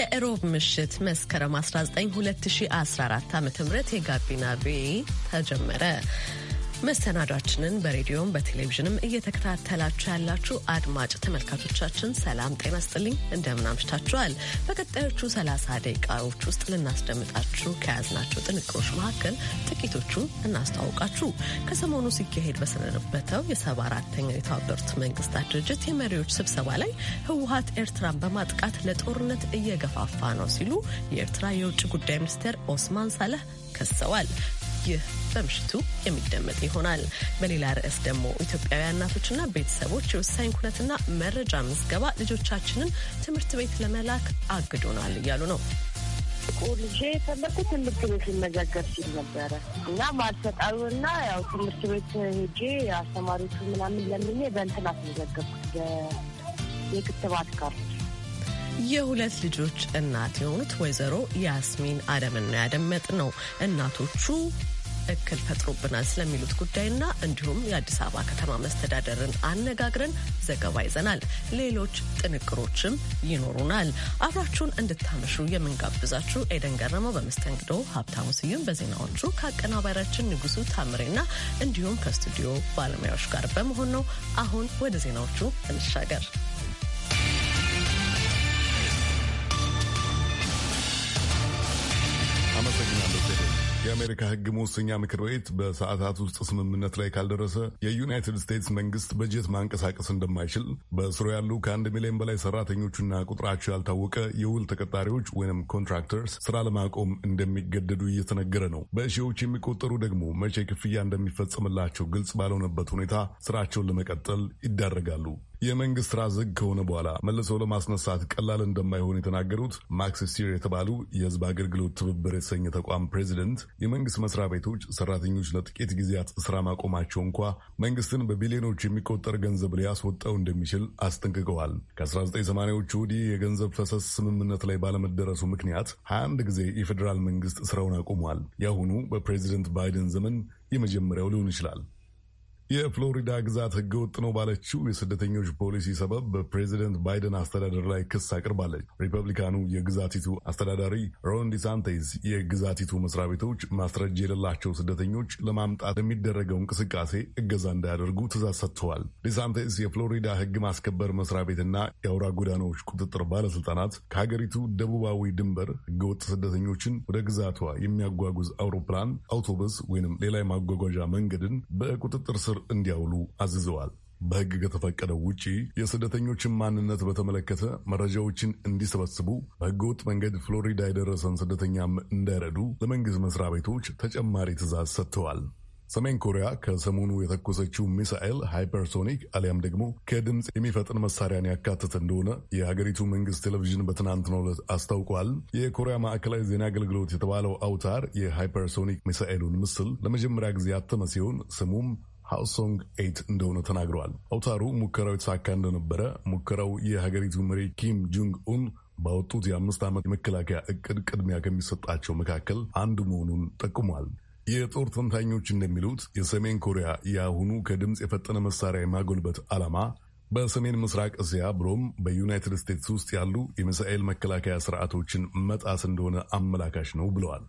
የእሮብ ምሽት መስከረም 19 2014 ዓ ም የጋቢና ቤ ተጀመረ። መሰናዷችንን በሬዲዮም በቴሌቪዥንም እየተከታተላችሁ ያላችሁ አድማጭ ተመልካቾቻችን ሰላም ጤና ስጥልኝ፣ እንደምን በቀጣዮቹ 30 ደቂቃዎች ውስጥ ልናስደምጣችሁ ከያዝናቸው ጥንቅሮች መካከል ጥቂቶቹን እናስተዋውቃችሁ። ከሰሞኑ ሲካሄድ በሰነበተው የሰባ አራተኛው የተባበሩት መንግስታት ድርጅት የመሪዎች ስብሰባ ላይ ህወሀት ኤርትራን በማጥቃት ለጦርነት እየገፋፋ ነው ሲሉ የኤርትራ የውጭ ጉዳይ ሚኒስቴር ኦስማን ሳለህ ከሰዋል። ይህ በምሽቱ የሚደመጥ ይሆናል። በሌላ ርዕስ ደግሞ ኢትዮጵያውያን እናቶችና ቤተሰቦች የወሳኝ ኩነትና መረጃ ምዝገባ ልጆቻችንን ትምህርት ቤት ለመላክ አግዶናል እያሉ ነው። ልጄ የፈለኩት ትምህርት ቤት ይመዘገብ ሲል ነበረ እና ማልሰጣዊና ያው ትምህርት ቤት ሄጄ አስተማሪዎቹ ምናምን ለምኜ በእንትን አስመዘገብኩት የክትባት ካርድ የሁለት ልጆች እናት የሆኑት ወይዘሮ ያስሚን አደምና ያደመጥ ነው እናቶቹ እክል ፈጥሮብናል ስለሚሉት ጉዳይና እንዲሁም የአዲስ አበባ ከተማ መስተዳደርን አነጋግረን ዘገባ ይዘናል። ሌሎች ጥንቅሮችም ይኖሩናል። አብራችሁን እንድታመሹ የምንጋብዛችሁ ኤደን ገረመው በመስተንግዶ፣ ሀብታሙ ስዩም በዜናዎቹ ከአቀናባሪያችን ንጉሱ ታምሬና እንዲሁም ከስቱዲዮ ባለሙያዎች ጋር በመሆን ነው። አሁን ወደ ዜናዎቹ እንሻገር። አመሰግናለሁ። የአሜሪካ ህግ መወሰኛ ምክር ቤት በሰዓታት ውስጥ ስምምነት ላይ ካልደረሰ የዩናይትድ ስቴትስ መንግስት በጀት ማንቀሳቀስ እንደማይችል በስሩ ያሉ ከአንድ ሚሊዮን በላይ ሰራተኞቹና ቁጥራቸው ያልታወቀ የውል ተቀጣሪዎች ወይም ኮንትራክተርስ ስራ ለማቆም እንደሚገደዱ እየተነገረ ነው። በሺዎች የሚቆጠሩ ደግሞ መቼ ክፍያ እንደሚፈጸምላቸው ግልጽ ባልሆነበት ሁኔታ ስራቸውን ለመቀጠል ይዳረጋሉ። የመንግስት ስራ ዝግ ከሆነ በኋላ መልሰው ለማስነሳት ቀላል እንደማይሆን የተናገሩት ማክስ ስቲር የተባሉ የህዝብ አገልግሎት ትብብር የተሰኘ ተቋም ፕሬዚደንት የመንግስት መስሪያ ቤቶች ሰራተኞች ለጥቂት ጊዜያት ስራ ማቆማቸው እንኳ መንግስትን በቢሊዮኖች የሚቆጠር ገንዘብ ሊያስወጣው እንደሚችል አስጠንቅቀዋል። ከ1980ዎቹ ወዲህ የገንዘብ ፈሰስ ስምምነት ላይ ባለመደረሱ ምክንያት 21 ጊዜ የፌዴራል መንግስት ስራውን አቁሟል። የአሁኑ በፕሬዚደንት ባይደን ዘመን የመጀመሪያው ሊሆን ይችላል። የፍሎሪዳ ግዛት ወጥ ነው ባለችው የስደተኞች ፖሊሲ ሰበብ በፕሬዚደንት ባይደን አስተዳደር ላይ ክስ አቅርባለች። ሪፐብሊካኑ የግዛቲቱ አስተዳዳሪ ሮን ዲሳንቴስ የግዛቲቱ መስሪያ ቤቶች ማስረጃ የሌላቸው ስደተኞች ለማምጣት የሚደረገው እንቅስቃሴ እገዛ እንዳያደርጉ ትእዛዝ ሰጥተዋል። ዲሳንቴስ የፍሎሪዳ ሕግ ማስከበር መስሪያ ቤትና የአውራ ጎዳናዎች ቁጥጥር ባለስልጣናት ከሀገሪቱ ደቡባዊ ድንበር ሕገወጥ ስደተኞችን ወደ ግዛቷ የሚያጓጉዝ አውሮፕላን፣ አውቶቡስ ወይንም ሌላ የማጓጓዣ መንገድን በቁጥጥር ስር እንዲያውሉ አዝዘዋል። በሕግ ከተፈቀደው ውጪ የስደተኞችን ማንነት በተመለከተ መረጃዎችን እንዲሰበስቡ፣ በሕገወጥ መንገድ ፍሎሪዳ የደረሰን ስደተኛም እንዳይረዱ ለመንግሥት መስሪያ ቤቶች ተጨማሪ ትእዛዝ ሰጥተዋል። ሰሜን ኮሪያ ከሰሞኑ የተኮሰችው ሚሳኤል ሃይፐርሶኒክ አሊያም ደግሞ ከድምፅ የሚፈጥን መሳሪያን ያካተተ እንደሆነ የሀገሪቱ መንግስት ቴሌቪዥን በትናንትናው ዕለት አስታውቋል። የኮሪያ ማዕከላዊ ዜና አገልግሎት የተባለው አውታር የሃይፐርሶኒክ ሚሳኤሉን ምስል ለመጀመሪያ ጊዜ ያተመ ሲሆን ስሙም ሃውሶንግ ኤት እንደሆነ ተናግረዋል። አውታሩ ሙከራው የተሳካ እንደነበረ ሙከራው የሀገሪቱ መሪ ኪም ጁንግ ኡን ባወጡት የአምስት ዓመት የመከላከያ እቅድ ቅድሚያ ከሚሰጣቸው መካከል አንዱ መሆኑን ጠቁሟል። የጦር ተንታኞች እንደሚሉት የሰሜን ኮሪያ የአሁኑ ከድምፅ የፈጠነ መሳሪያ የማጎልበት ዓላማ በሰሜን ምስራቅ እስያ ብሎም በዩናይትድ ስቴትስ ውስጥ ያሉ የሚሳኤል መከላከያ ስርዓቶችን መጣስ እንደሆነ አመላካሽ ነው ብለዋል።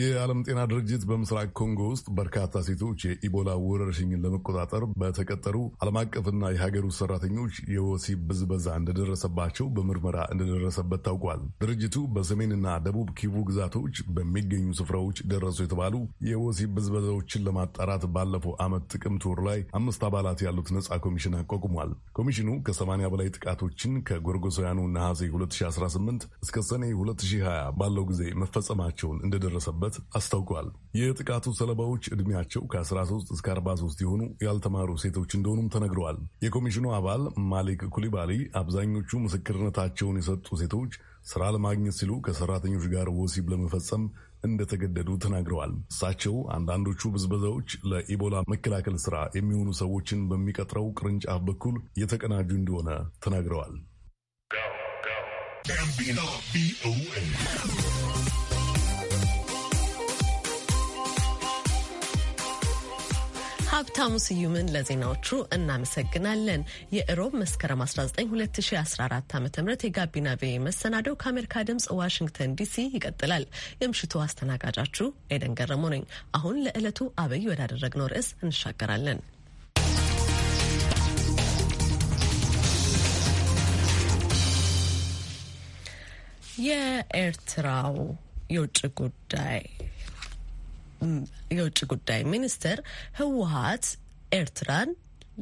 የዓለም ጤና ድርጅት በምስራቅ ኮንጎ ውስጥ በርካታ ሴቶች የኢቦላ ወረርሽኝን ለመቆጣጠር በተቀጠሩ ዓለም አቀፍና የሀገር ውስጥ ሰራተኞች የወሲብ ብዝበዛ እንደደረሰባቸው በምርመራ እንደደረሰበት ታውቋል። ድርጅቱ በሰሜንና ደቡብ ኪቡ ግዛቶች በሚገኙ ስፍራዎች ደረሱ የተባሉ የወሲብ ብዝበዛዎችን ለማጣራት ባለፈው ዓመት ጥቅምት ወር ላይ አምስት አባላት ያሉት ነጻ ኮሚሽን አቋቁሟል። ኮሚሽኑ ከ በላይ ጥቃቶችን ከጎርጎሳውያኑ ነሐሴ 2018 እስከ ሰኔ 2020 ባለው ጊዜ መፈጸማቸውን እንደደረሰበት እንዳለበት አስታውቋል። የጥቃቱ ሰለባዎች ዕድሜያቸው ከ13 እስከ 43 የሆኑ ያልተማሩ ሴቶች እንደሆኑም ተነግረዋል። የኮሚሽኑ አባል ማሊክ ኩሊባሊ አብዛኞቹ ምስክርነታቸውን የሰጡ ሴቶች ስራ ለማግኘት ሲሉ ከሰራተኞች ጋር ወሲብ ለመፈጸም እንደተገደዱ ተናግረዋል። እሳቸው አንዳንዶቹ ብዝበዛዎች ለኢቦላ መከላከል ስራ የሚሆኑ ሰዎችን በሚቀጥረው ቅርንጫፍ በኩል የተቀናጁ እንደሆነ ተናግረዋል። ሀብታሙ ስዩምን ለዜናዎቹ እናመሰግናለን። የእሮብ መስከረም 19 2014 ዓ ም የጋቢና ቪኦኤ መሰናደው ከአሜሪካ ድምፅ ዋሽንግተን ዲሲ ይቀጥላል። የምሽቱ አስተናጋጃችሁ ኤደን ገረሞ ነኝ። አሁን ለዕለቱ አበይ ወዳደረግነው ርዕስ እንሻገራለን። የኤርትራው የውጭ ጉዳይ የውጭ ጉዳይ ሚኒስትር ህወሀት ኤርትራን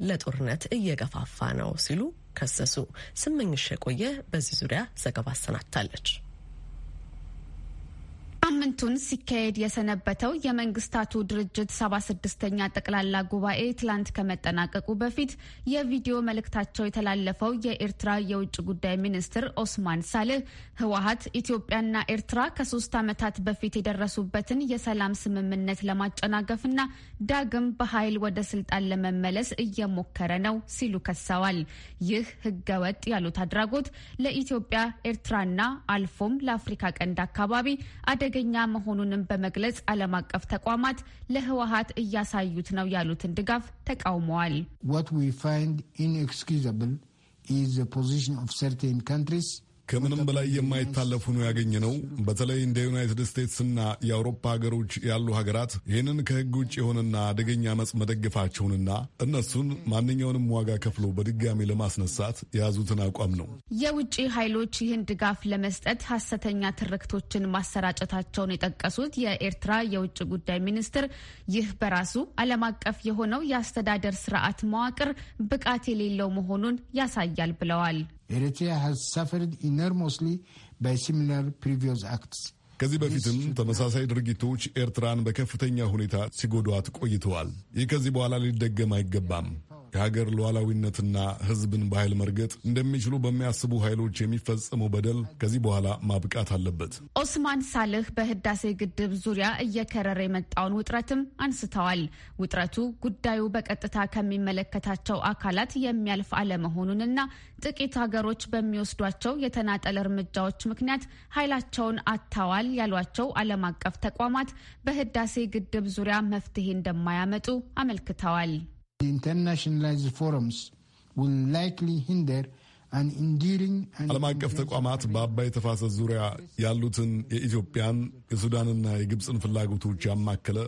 ለጦርነት እየገፋፋ ነው ሲሉ ከሰሱ። ስመኝሽ የቆየ በዚህ ዙሪያ ዘገባ አሰናድታለች። ሳምንቱን ሲካሄድ የሰነበተው የመንግስታቱ ድርጅት ሰባ ስድስተኛ ጠቅላላ ጉባኤ ትላንት ከመጠናቀቁ በፊት የቪዲዮ መልእክታቸው የተላለፈው የኤርትራ የውጭ ጉዳይ ሚኒስትር ኦስማን ሳልህ ህወሀት ኢትዮጵያና ኤርትራ ከሶስት ዓመታት በፊት የደረሱበትን የሰላም ስምምነት ለማጨናገፍና ዳግም በኃይል ወደ ስልጣን ለመመለስ እየሞከረ ነው ሲሉ ከሰዋል። ይህ ህገወጥ ያሉት አድራጎት ለኢትዮጵያ ኤርትራና አልፎም ለአፍሪካ ቀንድ አካባቢ አደ አደገኛ መሆኑንም በመግለጽ ዓለም አቀፍ ተቋማት ለህወሀት እያሳዩት ነው ያሉትን ድጋፍ ተቃውመዋል። ወት ኢንኤክስኪዩዘብል ኢዝ ፖዚሽን ኦፍ ሰርቴን ካንትሪስ ከምንም በላይ የማይታለፉ ነው በተለይ እንደ ዩናይትድ እና የአውሮፓ ሀገሮች ያሉ ሀገራት ይህንን ከህግ ውጭ የሆነና አደገኛ መጽ መደገፋቸውንና እነሱን ማንኛውንም ዋጋ ከፍሎ በድጋሚ ለማስነሳት የያዙትን አቋም ነው። የውጭ ኃይሎች ይህን ድጋፍ ለመስጠት ሀሰተኛ ትርክቶችን ማሰራጨታቸውን የጠቀሱት የኤርትራ የውጭ ጉዳይ ሚኒስትር ይህ በራሱ ዓለም አቀፍ የሆነው የአስተዳደር ስርዓት መዋቅር ብቃት የሌለው መሆኑን ያሳያል ብለዋል። Eritrea has suffered enormously by similar previous acts. ከዚህ በፊትም ተመሳሳይ ድርጊቶች ኤርትራን በከፍተኛ ሁኔታ ሲጎዷት ቆይተዋል። ይህ ከዚህ በኋላ ሊደገም አይገባም። የሀገር ሉዓላዊነትና ሕዝብን በኃይል መርገጥ እንደሚችሉ በሚያስቡ ኃይሎች የሚፈጸመው በደል ከዚህ በኋላ ማብቃት አለበት። ኦስማን ሳልህ በህዳሴ ግድብ ዙሪያ እየከረረ የመጣውን ውጥረትም አንስተዋል። ውጥረቱ ጉዳዩ በቀጥታ ከሚመለከታቸው አካላት የሚያልፍ አለመሆኑንና ጥቂት ሀገሮች በሚወስዷቸው የተናጠል እርምጃዎች ምክንያት ኃይላቸውን አጥተዋል ያሏቸው ዓለም አቀፍ ተቋማት በህዳሴ ግድብ ዙሪያ መፍትሄ እንደማያመጡ አመልክተዋል። ዓለም አቀፍ ተቋማት በአባይ ተፋሰስ ዙሪያ ያሉትን የኢትዮጵያን የሱዳንና የግብፅን ፍላጎቶች ያማከለ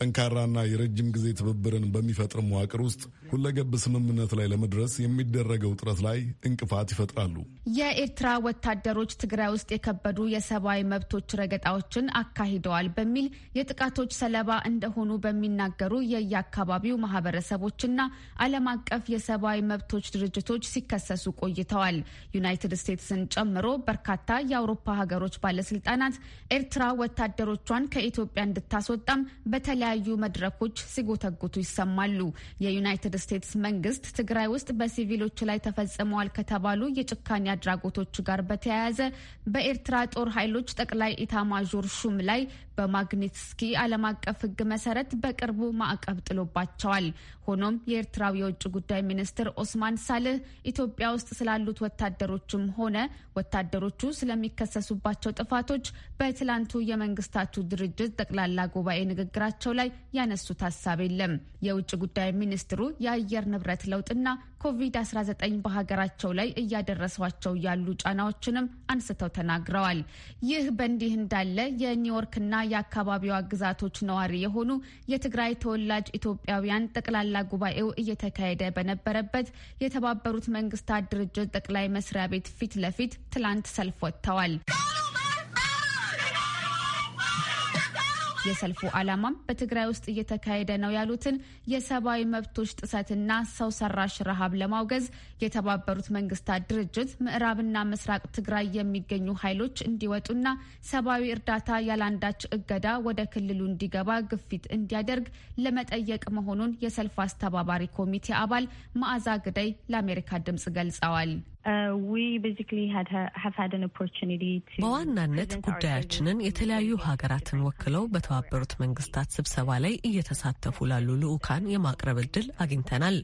ጠንካራና የረጅም ጊዜ ትብብርን በሚፈጥር መዋቅር ውስጥ ሁለገብ ስምምነት ላይ ለመድረስ የሚደረገው ጥረት ላይ እንቅፋት ይፈጥራሉ። የኤርትራ ወታደሮች ትግራይ ውስጥ የከበዱ የሰብአዊ መብቶች ረገጣዎችን አካሂደዋል በሚል የጥቃቶች ሰለባ እንደሆኑ በሚናገሩ የየአካባቢው ማህበረሰቦችና ዓለም አቀፍ የሰብአዊ መብቶች ድርጅቶች ሲከሰሱ ቆይተዋል። ዩናይትድ ስቴትስን ጨምሮ በርካታ የአውሮፓ ሀገሮች ባለስልጣናት ኤርትራ ወታደሮቿን ከኢትዮጵያ እንድታስወጣም በተለያዩ መድረኮች ሲጎተጉቱ ይሰማሉ። የዩናይትድ ስቴትስ መንግስት ትግራይ ውስጥ በሲቪሎች ላይ ተፈጽመዋል ከተባሉ የጭካኔ አድራጎቶች ጋር በተያያዘ በኤርትራ ጦር ኃይሎች ጠቅላይ ኢታማዦር ሹም ላይ በማግኒትስኪ ዓለም አቀፍ ሕግ መሰረት በቅርቡ ማዕቀብ ጥሎባቸዋል። ሆኖም የኤርትራው የውጭ ጉዳይ ሚኒስትር ኦስማን ሳልህ ኢትዮጵያ ውስጥ ስላሉት ወታደሮችም ሆነ ወታደሮቹ ስለሚከሰሱባቸው ጥፋቶች በትላንቱ የመንግስታቱ ድርጅት ጠቅላላ ጉባኤ ንግግራቸው ላይ ያነሱት ሀሳብ የለም። የውጭ ጉዳይ ሚኒስትሩ የአየር ንብረት ለውጥና ኮቪድ-19 በሀገራቸው ላይ እያደረሷቸው ያሉ ጫናዎችንም አንስተው ተናግረዋል። ይህ በእንዲህ እንዳለ የኒውዮርክና የአካባቢዋ ግዛቶች ነዋሪ የሆኑ የትግራይ ተወላጅ ኢትዮጵያውያን ጠቅላላ ጉባኤው እየተካሄደ በነበረበት የተባበሩት መንግስታት ድርጅት ጠቅላይ መስሪያ ቤት ፊት ለፊት ትላንት ሰልፍ ወጥተዋል። የሰልፉ ዓላማም በትግራይ ውስጥ እየተካሄደ ነው ያሉትን የሰብአዊ መብቶች ጥሰትና ሰው ሰራሽ ረሃብ ለማውገዝ የተባበሩት መንግስታት ድርጅት ምዕራብና ምስራቅ ትግራይ የሚገኙ ኃይሎች እንዲወጡና ሰብአዊ እርዳታ ያላንዳች እገዳ ወደ ክልሉ እንዲገባ ግፊት እንዲያደርግ ለመጠየቅ መሆኑን የሰልፉ አስተባባሪ ኮሚቴ አባል መዓዛ ግዳይ ለአሜሪካ ድምጽ ገልጸዋል። Uh, በዋናነት ጉዳያችንን የተለያዩ ሀገራትን ወክለው በተባበሩት መንግስታት ስብሰባ ላይ እየተሳተፉ ላሉ ልዑካን የማቅረብ እድል አግኝተናል።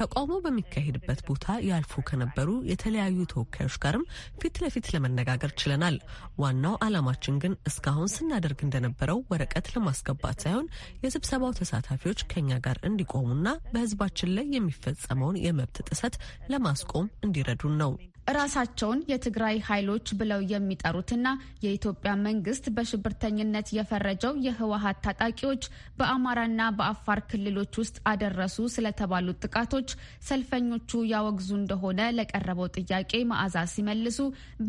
ተቃውሞ በሚካሄድበት ቦታ ያልፉ ከነበሩ የተለያዩ ተወካዮች ጋርም ፊት ለፊት ለመነጋገር ችለናል። ዋናው ዓላማችን ግን እስካሁን ስናደርግ እንደነበረው ወረቀት ለማስገባት ሳይሆን የስብሰባው ተሳታፊዎች ከኛ ጋር እንዲቆሙና በህዝባችን ላይ የሚፈጸመውን የመብት ጥሰት ለማስቆም እንዲረዱን ነው። ነው። ራሳቸውን የትግራይ ኃይሎች ብለው የሚጠሩትና የኢትዮጵያ መንግስት በሽብርተኝነት የፈረጀው የህወሀት ታጣቂዎች በአማራና በአፋር ክልሎች ውስጥ አደረሱ ስለተባሉት ጥቃቶች ሰልፈኞቹ ያወግዙ እንደሆነ ለቀረበው ጥያቄ መዓዛ ሲመልሱ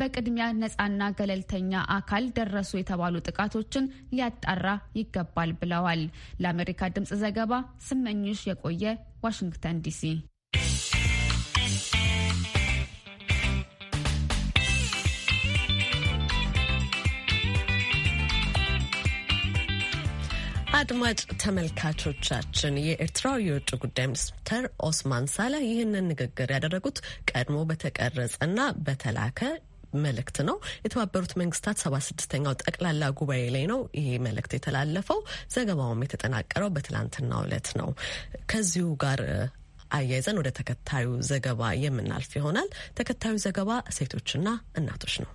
በቅድሚያ ነፃና ገለልተኛ አካል ደረሱ የተባሉ ጥቃቶችን ሊያጣራ ይገባል ብለዋል። ለአሜሪካ ድምጽ ዘገባ ስመኝሽ የቆየ ዋሽንግተን ዲሲ አድማጭ ተመልካቾቻችን የኤርትራው የውጭ ጉዳይ ሚኒስትር ኦስማን ሳላ ይህንን ንግግር ያደረጉት ቀድሞ በተቀረጸና በተላከ መልእክት ነው። የተባበሩት መንግስታት ሰባ ስድስተኛው ጠቅላላ ጉባኤ ላይ ነው ይሄ መልእክት የተላለፈው። ዘገባውም የተጠናቀረው በትላንትናው ዕለት ነው። ከዚሁ ጋር አያይዘን ወደ ተከታዩ ዘገባ የምናልፍ ይሆናል። ተከታዩ ዘገባ ሴቶችና እናቶች ነው።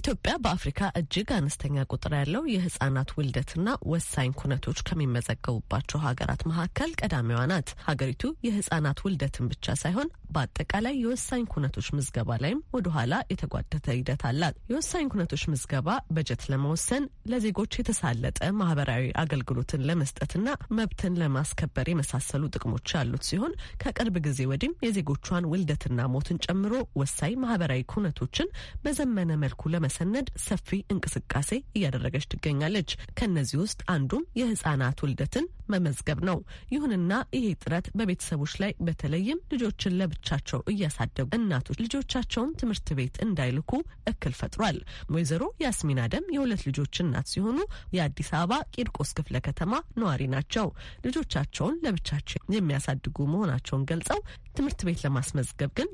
ኢትዮጵያ በአፍሪካ እጅግ አነስተኛ ቁጥር ያለው የህጻናት ውልደትና ወሳኝ ኩነቶች ከሚመዘገቡባቸው ሀገራት መካከል ቀዳሚዋ ናት። ሀገሪቱ የህጻናት ውልደትን ብቻ ሳይሆን በአጠቃላይ የወሳኝ ኩነቶች ምዝገባ ላይም ወደኋላ የተጓደተ ሂደት አላት። የወሳኝ ኩነቶች ምዝገባ በጀት ለመወሰን ለዜጎች የተሳለጠ ማህበራዊ አገልግሎትን ለመስጠትና መብትን ለማስከበር የመሳሰሉ ጥቅሞች ያሉት ሲሆን ከቅርብ ጊዜ ወዲህም የዜጎቿን ውልደትና ሞትን ጨምሮ ወሳኝ ማህበራዊ ኩነቶችን በዘመነ መልኩ በመሰነድ ሰፊ እንቅስቃሴ እያደረገች ትገኛለች። ከእነዚህ ውስጥ አንዱም የህጻናት ውልደትን መመዝገብ ነው። ይሁንና ይሄ ጥረት በቤተሰቦች ላይ በተለይም ልጆችን ለብቻቸው እያሳደጉ እናቶች ልጆቻቸውን ትምህርት ቤት እንዳይልኩ እክል ፈጥሯል። ወይዘሮ ያስሚን አደም የሁለት ልጆች እናት ሲሆኑ የአዲስ አበባ ቂርቆስ ክፍለ ከተማ ነዋሪ ናቸው። ልጆቻቸውን ለብቻቸው የሚያሳድጉ መሆናቸውን ገልጸው ትምህርት ቤት ለማስመዝገብ ግን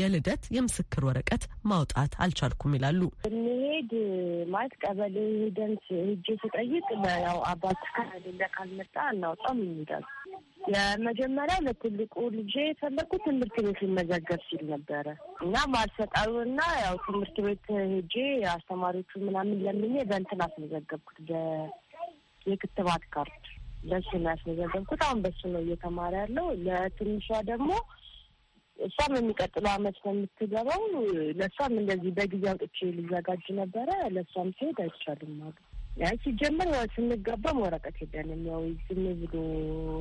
የልደት የምስክር ወረቀት ማውጣት አልቻልኩም ይላሉ። ስንሄድ ማለት ቀበሌ ሄደን ሄጄ ስጠይቅ ያው አባት ከሌለ ካልመጣ እናውጣም ይሄዳል። የመጀመሪያ ለትልቁ ልጄ የፈለግኩ ትምህርት ቤት ሊመዘገብ ሲል ነበረ እና እና ያው ትምህርት ቤት ሄጄ አስተማሪዎቹ ምናምን ለምኜ በእንትን አስመዘገብኩት የክትባት ካርድ በሱ ነው ያስመዘገብኩት። አሁን በሱ ነው እየተማረ ያለው። ለትንሿ ደግሞ እሷም የሚቀጥለው አመት ነው የምትገባው። ለእሷም እንደዚህ በጊዜ አውጥቼ ልዘጋጅ ነበረ። ለእሷም ሲሄድ አይቻልም አሉ። ሲጀምር ስንገባም ወረቀት የለንም። ያው ዝም ብሎ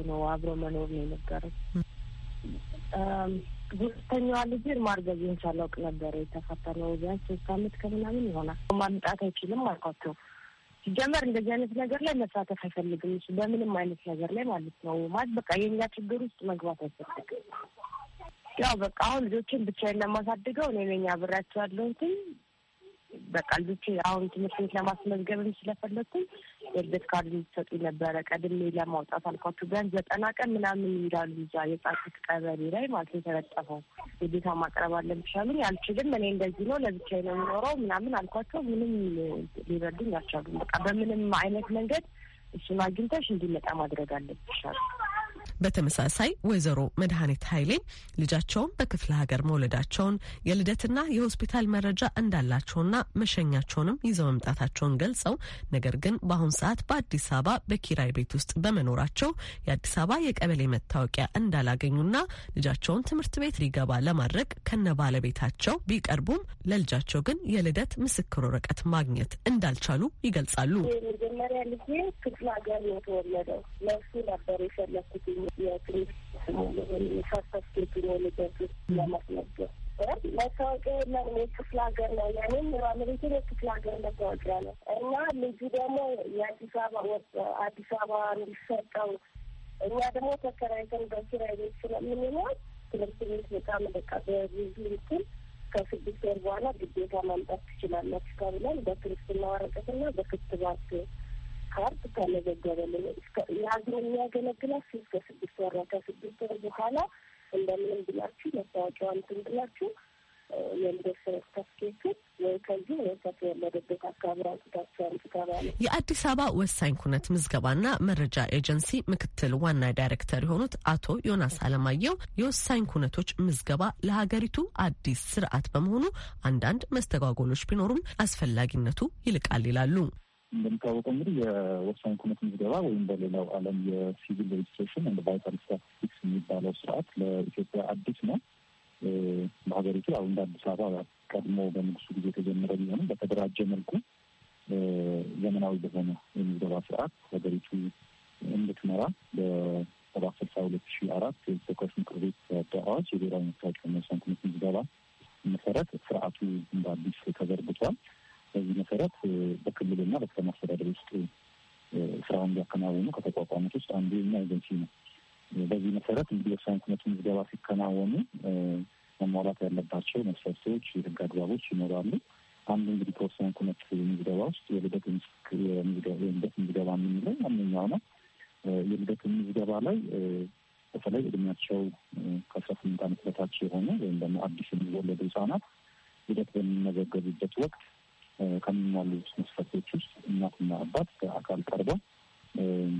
ነው አብሮ መኖር ነው የነበረው። ሁለተኛዋ ልጅ ማርገዝን ሳላውቅ ነበረ የተፋታነው። ቢያንስ ሶስት አመት ከምናምን ይሆናል። ማምጣት አይችልም አልኳቸው። ሲጀመር እንደዚህ አይነት ነገር ላይ መሳተፍ አይፈልግም እሱ በምንም አይነት ነገር ላይ ማለት ነው። ማለት በቃ የኛ ችግር ውስጥ መግባት አይፈልግም። ያው በቃ አሁን ልጆችን ብቻዬን ለማሳድገው እኔ ነኝ አብሬያቸው ያለሁትኝ። በቃ ልጆች አሁን ትምህርት ቤት ለማስመዝገብም ስለፈለግኩኝ የልደት ካርድ እንዲሰጡ ነበረ ቀድሜ ለማውጣት አልኳቸው። ቢያንስ ዘጠና ቀን ምናምን ይላሉ እዛ የጻፉት ቀበሌ ላይ ማለት የተለጠፈው ግዴታ ማቅረብ አለብሽ አሉኝ። አልችልም፣ እኔ እንደዚህ ነው ለብቻዬ ነው የሚኖረው ምናምን አልኳቸው። ምንም ሊረዱኝ አልቻሉም። በቃ በምንም አይነት መንገድ እሱን አግኝተሽ እንዲመጣ ማድረግ አለብሽ አሉ። በተመሳሳይ ወይዘሮ መድኃኒት ኃይሌ ልጃቸውን በክፍለ ሀገር መውለዳቸውን የልደትና የሆስፒታል መረጃ እንዳላቸውና መሸኛቸውንም ይዘው መምጣታቸውን ገልጸው ነገር ግን በአሁን ሰዓት በአዲስ አበባ በኪራይ ቤት ውስጥ በመኖራቸው የአዲስ አበባ የቀበሌ መታወቂያ እንዳላገኙና ልጃቸውን ትምህርት ቤት ሊገባ ለማድረግ ከነ ባለቤታቸው ቢቀርቡም ለልጃቸው ግን የልደት ምስክር ወረቀት ማግኘት እንዳልቻሉ ይገልጻሉ። መጀመሪያ ልጄ ክፍለ ሀገር ነው የተወለደው። ለሱ ነበር የፈለኩትኝ የክሪስፋስፋስኬት ሀገር ነው የክፍለ ሀገር መታወቂያ ነው እና ልጁ ደግሞ የአዲስ አበባ አዲስ አበባ እኛ ደግሞ ተከራይተን በኪራይ ቤት ትምህርት ቤት በጣም በቃ በብዙ ከስድስት ወር በኋላ ግዴታ ማምጣት ትችላለች ተብለን በክርስትና ወረቀትና በክትባት ካርድ ከመዘገበ የሀገር የሚያገለግላት ሶስት ከስድስት ወር ከስድስት ወር በኋላ እንደምንም ብላችሁ መታወቂያ እንትን ብላችሁ የአዲስ አበባ ወሳኝ ኩነት ምዝገባና መረጃ ኤጀንሲ ምክትል ዋና ዳይሬክተር የሆኑት አቶ ዮናስ አለማየሁ የወሳኝ ኩነቶች ምዝገባ ለሀገሪቱ አዲስ ስርዓት በመሆኑ አንዳንድ መስተጓጎሎች ቢኖሩም አስፈላጊነቱ ይልቃል ይላሉ። እንደሚታወቀው እንግዲህ የወሳኝ ኩነት ምዝገባ ወይም በሌላው ዓለም የሲቪል ሬጅስትሬሽን እንደ ቫይታል ስታቲስቲክስ የሚባለው ስርዓት ለኢትዮጵያ አዲስ ነው። በሀገሪቱ ያው እንደ አዲስ አበባ ቀድሞ በንጉሱ ጊዜ የተጀመረ ቢሆንም በተደራጀ መልኩ ዘመናዊ በሆነ የምዝገባ ስርዓት ሀገሪቱ እንድትመራ በሰባት ስልሳ ሁለት ሺ አራት የተወካዮች ምክር ቤት አዋጅ የብሔራዊ መታወቂያ የወሳኝ ኩነት ምዝገባ መሰረት ስርዓቱ እንደ አዲስ ተዘርግቷል። በዚህ መሰረት በክልልና በከተማ አስተዳደር ውስጥ ስራውን እንዲያከናወኑ ከተቋቋሙት ውስጥ አንዱ የኛ ኤጀንሲ ነው። በዚህ መሰረት እንግዲህ ወሳኝ ኩነት ምዝገባ ሲከናወኑ መሟላት ያለባቸው መስፈርቶች፣ የህግ አግባቦች ይኖራሉ። አንዱ እንግዲህ ከወሳኝ ኩነት ምዝገባ ውስጥ የልደት የልደት ምዝገባ የምንለው ዋነኛው ነው። የልደት ምዝገባ ላይ በተለይ እድሜያቸው ከአስራ ስምንት ዓመት በታች የሆኑ ወይም ደግሞ አዲስ የሚወለዱ ህጻናት ልደት በሚመዘገቡበት ወቅት ከሚሟሉ መስፈርቶች ውስጥ እናትና አባት በአካል ቀርበው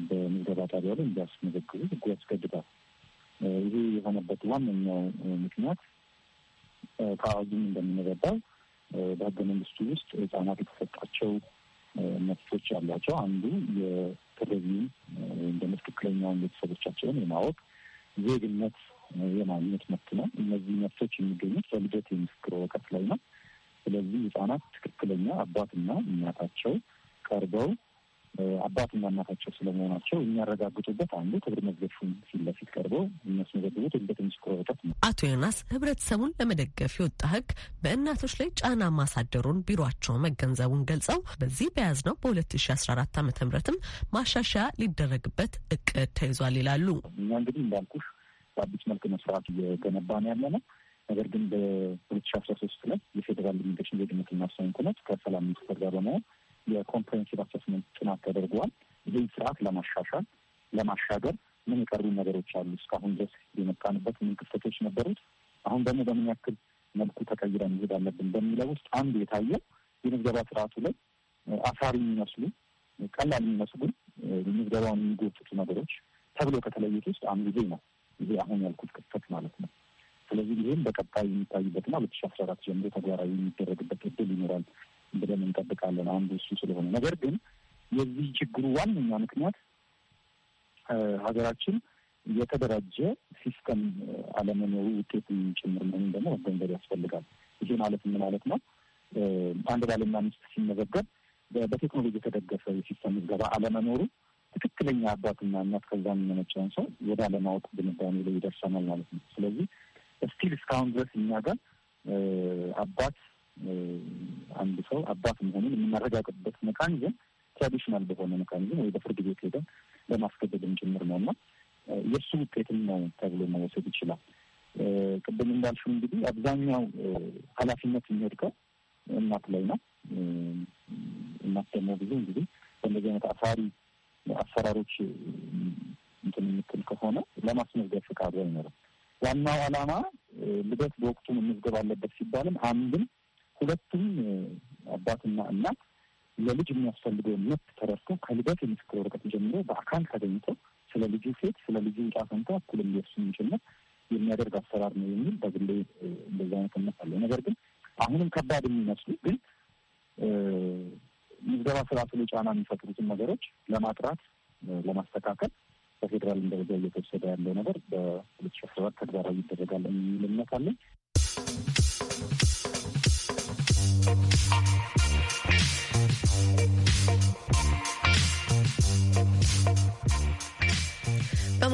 በምዝገባ ጣቢያ ላይ እንዲያስመዘግቡ ህጉ ያስገድዳል። ይህ የሆነበት ዋነኛው ምክንያት ከአዋጅም እንደምንረዳው በህገ መንግስቱ ውስጥ ህጻናት የተሰጣቸው መብቶች ያሏቸው አንዱ የተገቢውን ወይም ደግሞ ትክክለኛውን ቤተሰቦቻቸውን የማወቅ ዜግነት የማግኘት መብት ነው። እነዚህ መብቶች የሚገኙት በልደት የምስክር ወረቀት ላይ ነው። ስለዚህ ህጻናት ትክክለኛ አባትና እናታቸው ቀርበው አባትና እናታቸው ስለመሆናቸው የሚያረጋግጡበት አንዱ ክብር መዝገብ ፊት ለፊት ቀርበው የሚያስመዘግቡት ወይም በትንሽ ቁረጠት ነው። አቶ ዮናስ ህብረተሰቡን ለመደገፍ የወጣ ህግ በእናቶች ላይ ጫና ማሳደሩን ቢሯቸው መገንዘቡን ገልጸው በዚህ በያዝነው በ2014 ዓ ምትም ማሻሻያ ሊደረግበት እቅድ ተይዟል ይላሉ። እኛ እንግዲህ እንዳልኩሽ በአዲስ መልክ መስራት እየገነባ ነው ያለ ነው። ነገር ግን በሁለት ሺ አስራ ሶስት ላይ የፌዴራል ኢሚግሬሽን ዜግነትና ወሳኝ ኩነት ከሰላም ሚኒስቴር ጋር በመሆን የኮምፕሬንሲቭ አሰስመንት ጥናት ተደርጓል። ይህን ስርዓት ለማሻሻል ለማሻገር ምን የቀሩ ነገሮች አሉ? እስካሁን ድረስ የመጣንበት ምን ክፍተቶች ነበሩት? አሁን ደግሞ በምን ያክል መልኩ ተቀይረ መሄድ አለብን በሚለው ውስጥ አንዱ የታየው የምዝገባ ስርዓቱ ላይ አሳሪ የሚመስሉ ቀላል የሚመስሉ ምዝገባውን የሚጎትቱ ነገሮች ተብሎ ከተለዩት ውስጥ አንዱ ዜ ነው። ይሄ አሁን ያልኩት ክፍተት ማለት ነው። ስለዚህ ይህም በቀጣይ የሚታይበትና ሁለት ሺ አስራ አራት ጀምሮ ተግባራዊ የሚደረግበት እድል ይኖራል ብለን እንጠብቃለን። አንዱ እሱ ስለሆነ ነገር ግን የዚህ ችግሩ ዋነኛ ምክንያት ሀገራችን የተደራጀ ሲስተም አለመኖሩ ውጤት ጭምር መሆኑን ደግሞ መገንዘብ ያስፈልጋል። ይሄ ማለት ምን ማለት ነው? አንድ ባልና ሚስት ሲመዘገብ በቴክኖሎጂ የተደገፈ የሲስተም ምዝገባ አለመኖሩ ትክክለኛ አባትና እናት ከዛ የሚመነጨውን ሰው ወደ አለማወቅ ድምዳሜ ላይ ይደርሰናል ማለት ነው። ስለዚህ እስቲል እስካሁን ድረስ እኛ ጋር አባት አንድ ሰው አባት መሆኑን የምናረጋግጥበት መካኒዝም ትራዲሽናል በሆነ መካኒዝም ወይ በፍርድ ቤት ሄደን ለማስገደድም ጭምር ነው እና የእሱ ውጤትም ነው ተብሎ መወሰድ ይችላል። ቅድም እንዳልሽው እንግዲህ አብዛኛው ኃላፊነት የሚወድቀው እናት ላይ ነው። እናት ደግሞ ብዙ እንግዲህ በእንደዚህ አይነት አሳሪ አሰራሮች እንትን የምትል ከሆነ ለማስመዝገብ ፍቃዱ አይኖርም። ዋናው ዓላማ ልደት በወቅቱ መመዝገብ አለበት ሲባልም አንድም ሁለቱም አባትና እናት ለልጅ የሚያስፈልገውን መብት ተረድቶ ከልደት የምስክር ወረቀት ጀምሮ በአካል ተገኝቶ ስለ ልጁ ሴት ስለ ልጁ ዕጣ ፈንታ እኩል እንዲወስኑ የሚችልነት የሚያደርግ አሰራር ነው የሚል በግሌ እንደዚ አይነት እምነት አለ። ነገር ግን አሁንም ከባድ የሚመስሉ ግን ምዝገባ ስራ ስሉ ጫና የሚፈጥሩትን ነገሮች ለማጥራት ለማስተካከል በፌዴራል ደረጃ እየተወሰደ ያለው ነገር በሁለት ሺ አስራ ሰባት ተግባራዊ ይደረጋል የሚል እምነት አለኝ።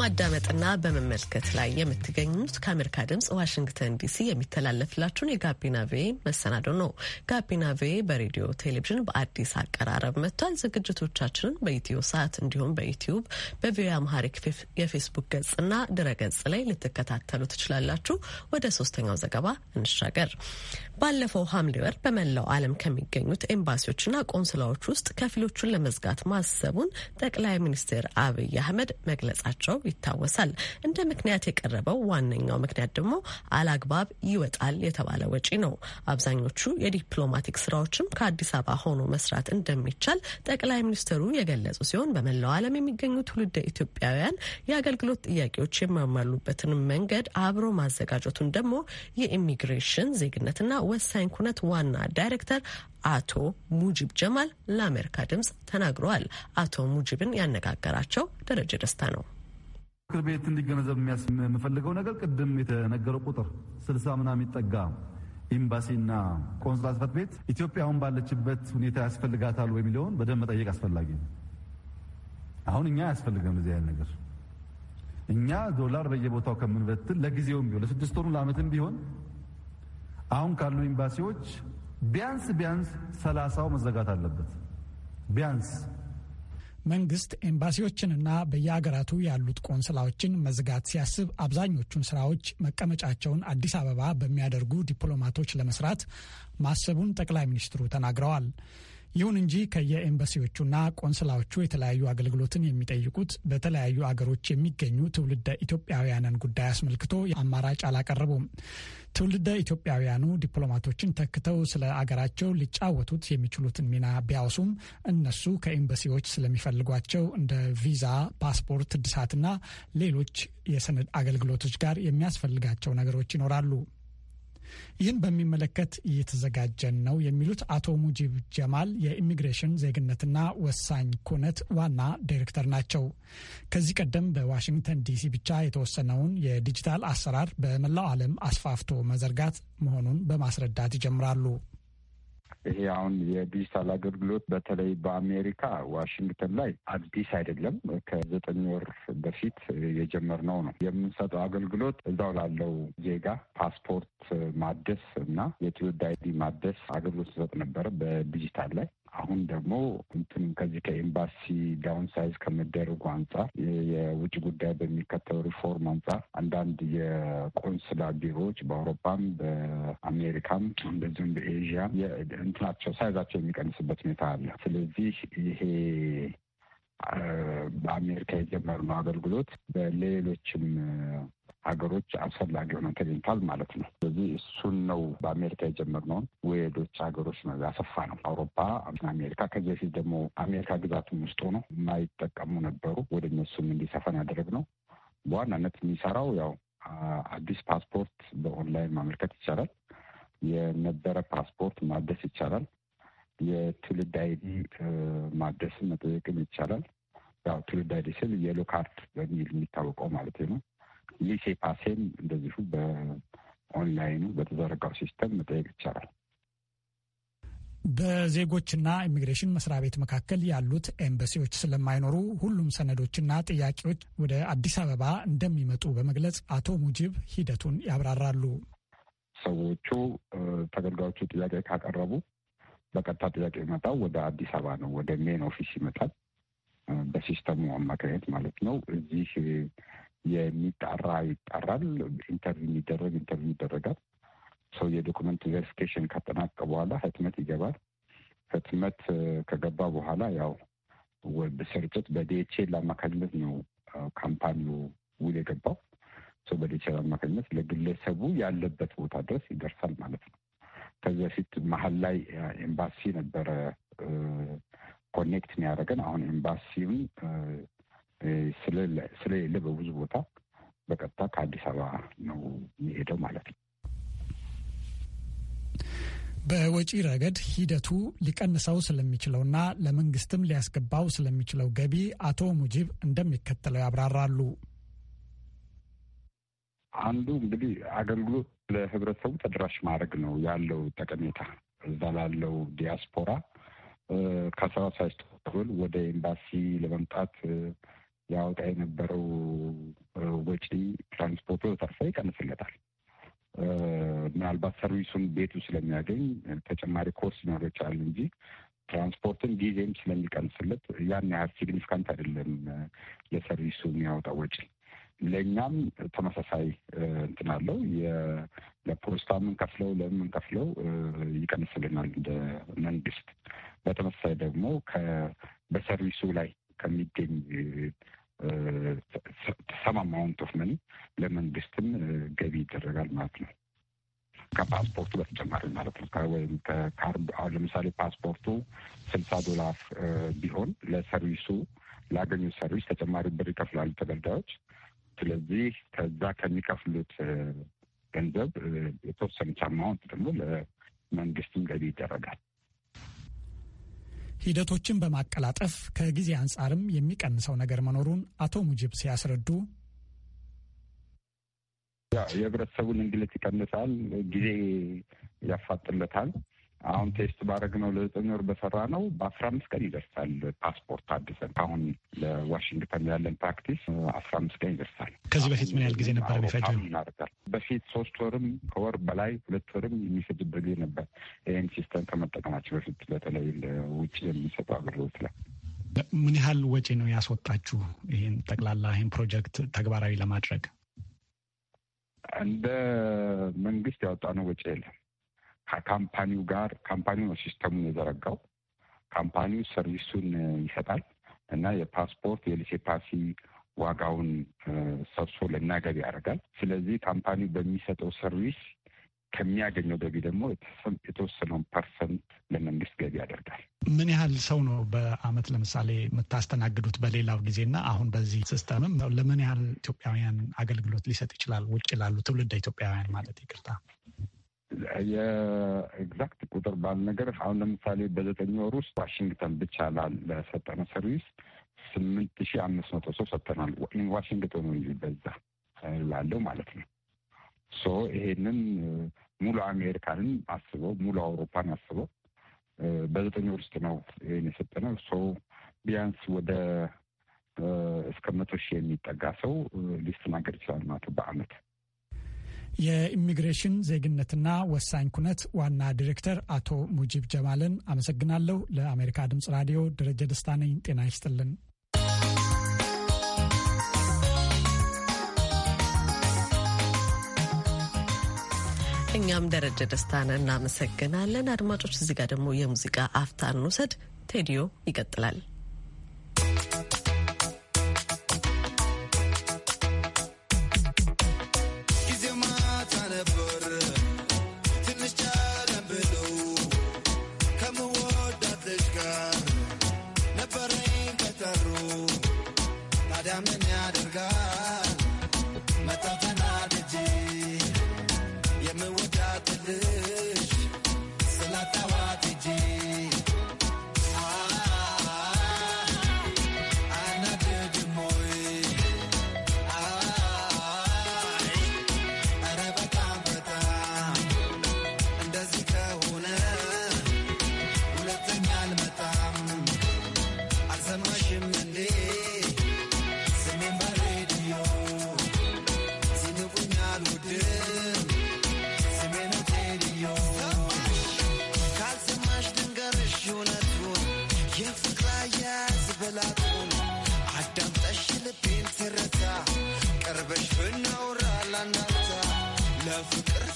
በማዳመጥና በመመልከት ላይ የምትገኙት ከአሜሪካ ድምጽ ዋሽንግተን ዲሲ የሚተላለፍላችሁን የጋቢና ቬ መሰናዶ ነው። ጋቢና ቬ በሬዲዮ ቴሌቪዥን በአዲስ አቀራረብ መጥቷል። ዝግጅቶቻችንን በኢትዮ ሰዓት እንዲሁም በዩትዩብ በቪኦኤ አምሃሪክ የፌስቡክ ገጽና ድረ ገጽ ላይ ልትከታተሉ ትችላላችሁ። ወደ ሶስተኛው ዘገባ እንሻገር። ባለፈው ሐምሌ ወር በመላው ዓለም ከሚገኙት ኤምባሲዎችና ቆንስላዎች ውስጥ ከፊሎቹን ለመዝጋት ማሰቡን ጠቅላይ ሚኒስትር አብይ አህመድ መግለጻቸው ይታወሳል። እንደ ምክንያት የቀረበው ዋነኛው ምክንያት ደግሞ አላግባብ ይወጣል የተባለ ወጪ ነው። አብዛኞቹ የዲፕሎማቲክ ስራዎችም ከአዲስ አበባ ሆኖ መስራት እንደሚቻል ጠቅላይ ሚኒስትሩ የገለጹ ሲሆን በመላው ዓለም የሚገኙ ትውልደ ኢትዮጵያውያን የአገልግሎት ጥያቄዎች የሚያሟሉበትን መንገድ አብሮ ማዘጋጀቱን ደግሞ የኢሚግሬሽን ዜግነትና ወሳኝ ኩነት ዋና ዳይሬክተር አቶ ሙጂብ ጀማል ለአሜሪካ ድምጽ ተናግረዋል። አቶ ሙጂብን ያነጋገራቸው ደረጀ ደስታ ነው። ምክር ቤት እንዲገነዘብ የምፈልገው ነገር ቅድም የተነገረው ቁጥር ስልሳ ምናምን የሚጠጋ ኤምባሲና ቆንስላ ጽሕፈት ቤት ኢትዮጵያ አሁን ባለችበት ሁኔታ ያስፈልጋታል ወይ የሚለውን በደንብ መጠየቅ አስፈላጊ ነው። አሁን እኛ ያስፈልገም እዚህ ያህል ነገር እኛ ዶላር በየቦታው ከምንበትል ለጊዜውም ቢሆን ለስድስት ወሩ ለዓመትም ቢሆን አሁን ካሉ ኤምባሲዎች ቢያንስ ቢያንስ ሰላሳው መዘጋት አለበት። ቢያንስ መንግስት ኤምባሲዎችንና በየአገራቱ ያሉት ቆንስላዎችን መዝጋት ሲያስብ አብዛኞቹን ስራዎች መቀመጫቸውን አዲስ አበባ በሚያደርጉ ዲፕሎማቶች ለመስራት ማሰቡን ጠቅላይ ሚኒስትሩ ተናግረዋል። ይሁን እንጂ ከየኤምባሲዎቹና ቆንስላዎቹ የተለያዩ አገልግሎትን የሚጠይቁት በተለያዩ አገሮች የሚገኙ ትውልደ ኢትዮጵያውያንን ጉዳይ አስመልክቶ አማራጭ አላቀረቡም። ትውልደ ኢትዮጵያውያኑ ዲፕሎማቶችን ተክተው ስለ አገራቸው ሊጫወቱት የሚችሉትን ሚና ቢያውሱም እነሱ ከኤምባሲዎች ስለሚፈልጓቸው እንደ ቪዛ፣ ፓስፖርት እድሳትና ሌሎች የሰነድ አገልግሎቶች ጋር የሚያስፈልጋቸው ነገሮች ይኖራሉ። ይህን በሚመለከት እየተዘጋጀን ነው የሚሉት አቶ ሙጂብ ጀማል የኢሚግሬሽን ዜግነትና ወሳኝ ኩነት ዋና ዳይሬክተር ናቸው። ከዚህ ቀደም በዋሽንግተን ዲሲ ብቻ የተወሰነውን የዲጂታል አሰራር በመላው ዓለም አስፋፍቶ መዘርጋት መሆኑን በማስረዳት ይጀምራሉ። ይሄ አሁን የዲጂታል አገልግሎት በተለይ በአሜሪካ ዋሽንግተን ላይ አዲስ አይደለም። ከዘጠኝ ወር በፊት የጀመርነው ነው። የምንሰጠው አገልግሎት እዛው ላለው ዜጋ ፓስፖርት ማደስ እና የትውልድ አይዲ ማደስ አገልግሎት ሰጥ ነበረ በዲጂታል ላይ አሁን ደግሞ እንትን ከዚህ ከኤምባሲ ዳውን ሳይዝ ከመደረጉ አንጻር የውጭ ጉዳይ በሚከተው ሪፎርም አንጻር አንዳንድ የቆንስላ ቢሮዎች በአውሮፓም በአሜሪካም እንደዚሁም በኤዥያ እንትናቸው ሳይዛቸው የሚቀንስበት ሁኔታ አለ። ስለዚህ ይሄ በአሜሪካ የጀመርነው አገልግሎት በሌሎችም ሀገሮች አስፈላጊ ሆነ ተገኝቷል ማለት ነው። ስለዚህ እሱን ነው በአሜሪካ የጀመርነውን ወሌሎች ሀገሮች ነው ያሰፋ ነው። አውሮፓ፣ አሜሪካ ከዚህ በፊት ደግሞ አሜሪካ ግዛቱን ውስጥ ሆኖ የማይጠቀሙ ነበሩ። ወደ እነሱም እንዲሰፈን ያደረግ ነው። በዋናነት የሚሰራው ያው አዲስ ፓስፖርት በኦንላይን ማመልከት ይቻላል። የነበረ ፓስፖርት ማደስ ይቻላል። የትውልድ አይዲ ማደስ መጠየቅም ይቻላል። ያው ትውልድ አይዲ ስል የሎ ካርድ በሚል የሚታወቀው ማለት ነው። ሊሴ ፓሴን እንደዚሁ በኦንላይኑ በተዘረጋው ሲስተም መጠየቅ ይቻላል። በዜጎችና ኢሚግሬሽን መስሪያ ቤት መካከል ያሉት ኤምባሲዎች ስለማይኖሩ ሁሉም ሰነዶችና ጥያቄዎች ወደ አዲስ አበባ እንደሚመጡ በመግለጽ አቶ ሙጅብ ሂደቱን ያብራራሉ። ሰዎቹ ተገልጋዮቹ ጥያቄ ካቀረቡ በቀጥታ ጥያቄ ይመጣው ወደ አዲስ አበባ ነው፣ ወደ ሜን ኦፊስ ይመጣል። በሲስተሙ አማካኘት ማለት ነው። እዚህ የሚጣራ ይጣራል። ኢንተርቪው የሚደረግ ኢንተርቪው ይደረጋል። ሰው የዶክመንት ቬሪፊኬሽን ካጠናቀ በኋላ ህትመት ይገባል። ህትመት ከገባ በኋላ ያው ስርጭት በዲኤችኤል አማካኝነት ነው ካምፓኒው ውል የገባው ሰው በዲኤችኤል አማካኝነት ለግለሰቡ ያለበት ቦታ ድረስ ይደርሳል ማለት ነው። ከዚህ በፊት መሀል ላይ ኤምባሲ ነበረ ኮኔክት የሚያደርገን አሁን ኤምባሲውን ስለሌለ በብዙ ቦታ በቀጥታ ከአዲስ አበባ ነው የሚሄደው ማለት ነው። በወጪ ረገድ ሂደቱ ሊቀንሰው ስለሚችለውና ለመንግስትም ሊያስገባው ስለሚችለው ገቢ አቶ ሙጂብ እንደሚከተለው ያብራራሉ። አንዱ እንግዲህ አገልግሎት ለህብረተሰቡ ተደራሽ ማድረግ ነው ያለው ጠቀሜታ። እዛ ላለው ዲያስፖራ ከሰባ ሳይስተብል ወደ ኤምባሲ ለመምጣት ያወጣ የነበረው ወጪ ትራንስፖርቱ ተርፋ ይቀንስለታል። ምናልባት ሰርቪሱን ቤቱ ስለሚያገኝ ተጨማሪ ኮርስ ሊኖር ይችላል እንጂ ትራንስፖርትን ጊዜም ስለሚቀንስለት ያን ያህል ሲግኒፊካንት አይደለም ለሰርቪሱ የሚያወጣ ወጪ። ለእኛም ተመሳሳይ እንትን አለው። ለፖስታ የምንከፍለው ለምንከፍለው ይቀንስልናል እንደ መንግስት። በተመሳሳይ ደግሞ በሰርቪሱ ላይ ከሚገኝ ሰም አማውንት ኦፍ መኒ ለመንግስትም ገቢ ይደረጋል ማለት ነው። ከፓስፖርቱ በተጨማሪ ማለት ነው። ወይም ከካርድ አሁን ለምሳሌ ፓስፖርቱ ስልሳ ዶላር ቢሆን ለሰርቪሱ ላገኙ ሰርቪስ ተጨማሪ ብር ይከፍላሉ ተገልጋዮች። ስለዚህ ከዛ ከሚከፍሉት ገንዘብ የተወሰነች አማውንት ደግሞ ለመንግስትም ገቢ ይደረጋል። ሂደቶችን በማቀላጠፍ ከጊዜ አንጻርም የሚቀንሰው ነገር መኖሩን አቶ ሙጅብ ሲያስረዱ የህብረተሰቡን እንግልት ይቀንሳል፣ ጊዜ ያፋጥለታል። አሁን ቴስት ባረግ ነው ለዘጠኝ ወር በሰራ ነው በአስራ አምስት ቀን ይደርሳል። ፓስፖርት አድሰን አሁን ለዋሽንግተን ያለን ፕራክቲስ አስራ አምስት ቀን ይደርሳል። ከዚህ በፊት ምን ያህል ጊዜ ነበር የሚፈጀው? በፊት ሶስት ወርም ከወር በላይ ሁለት ወርም የሚፈጅበት ጊዜ ነበር። ይህን ሲስተም ከመጠቀማቸው በፊት በተለይ ውጭ የሚሰጡ አገልግሎት ላይ ምን ያህል ወጪ ነው ያስወጣችሁ? ይህን ጠቅላላ ይህን ፕሮጀክት ተግባራዊ ለማድረግ እንደ መንግስት ያወጣነው ወጪ የለም። ከካምፓኒው ጋር ካምፓኒው ነው ሲስተሙን የዘረጋው። ካምፓኒው ሰርቪሱን ይሰጣል እና የፓስፖርት የሊሴ ፓሲ ዋጋውን ሰብሶ ገቢ ያደርጋል። ስለዚህ ካምፓኒ በሚሰጠው ሰርቪስ ከሚያገኘው ገቢ ደግሞ የተወሰነውን ፐርሰንት ለመንግስት ገቢ ያደርጋል። ምን ያህል ሰው ነው በአመት ለምሳሌ የምታስተናግዱት? በሌላው ጊዜና አሁን በዚህ ሲስተምም ለምን ያህል ኢትዮጵያውያን አገልግሎት ሊሰጥ ይችላል? ውጭ ላሉ ትውልደ ኢትዮጵያውያን ማለት ይቅርታ። የኤግዛክት ቁጥር ባል ነገር አሁን ለምሳሌ በዘጠኝ ወር ውስጥ ዋሽንግተን ብቻ ላል ለሰጠነው ሰርቪስ ስምንት ሺ አምስት መቶ ሰው ሰጥተናል። ዋሽንግተን በዛ ላለው ማለት ነው። ሶ ይሄንን ሙሉ አሜሪካንን አስበው ሙሉ አውሮፓን አስበው በዘጠኝ ወር ውስጥ ነው ይህን የሰጠነው። ሶ ቢያንስ ወደ እስከ መቶ ሺህ የሚጠጋ ሰው ሊስተናገድ ይችላል ማለት በአመት። የኢሚግሬሽን ዜግነትና ወሳኝ ኩነት ዋና ዲሬክተር አቶ ሙጂብ ጀማልን አመሰግናለሁ። ለአሜሪካ ድምጽ ራዲዮ ደረጀ ደስታ ነኝ። ጤና ይስጥልን። እኛም ደረጀ ደስታን እናመሰግናለን። አድማጮች፣ እዚህ ጋር ደግሞ የሙዚቃ አፍታ እንውሰድ። ቴዲዮ ይቀጥላል።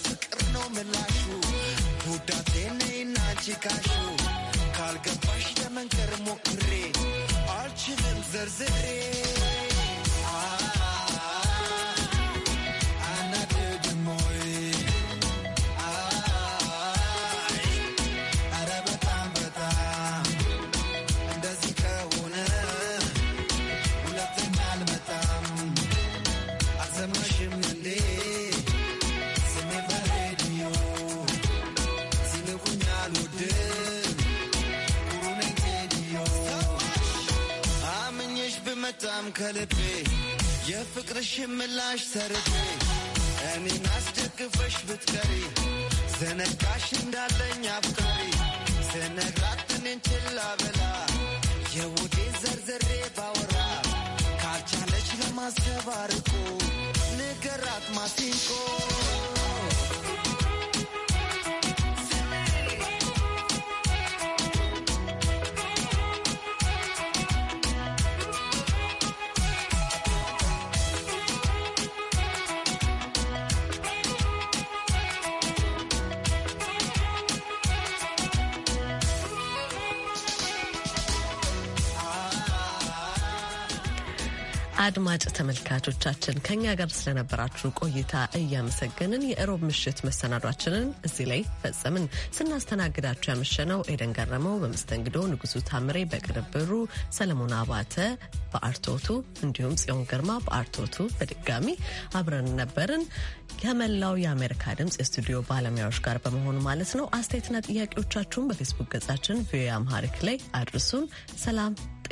ፍቅር ነው ምላሹ ጉዳቴ ነይና ጅካሹ ካልገባሽ ለመንገር ሞክሬ አልችልም ዘርዝሬ ከልቤ የፍቅርሽ ምላሽ ሰርቴ እኔን አስደግፈሽ ብትቀሪ ዘነጋሽ እንዳለኝ አፍቃሪ ስነግራት እኔን ችላ በላ የውዴ ዘርዝሬ ባወራ ካልቻለች ለማሰብ ንገራት ማሲንቆ አድማጭ ተመልካቾቻችን ከኛ ጋር ስለነበራችሁ ቆይታ እያመሰገንን የእሮብ ምሽት መሰናዷችንን እዚህ ላይ ፈጸምን። ስናስተናግዳችሁ ያመሸነው ኤደን ገረመው በመስተንግዶ፣ ንጉሱ ታምሬ በቅንብሩ፣ ሰለሞን አባተ በአርቶቱ እንዲሁም ጽዮን ግርማ በአርቶቱ በድጋሚ አብረን ነበርን። ከመላው የአሜሪካ ድምፅ የስቱዲዮ ባለሙያዎች ጋር በመሆኑ ማለት ነው። አስተያየትና ጥያቄዎቻችሁን በፌስቡክ ገጻችን ቪኦኤ አምሃሪክ ላይ አድርሱን። ሰላም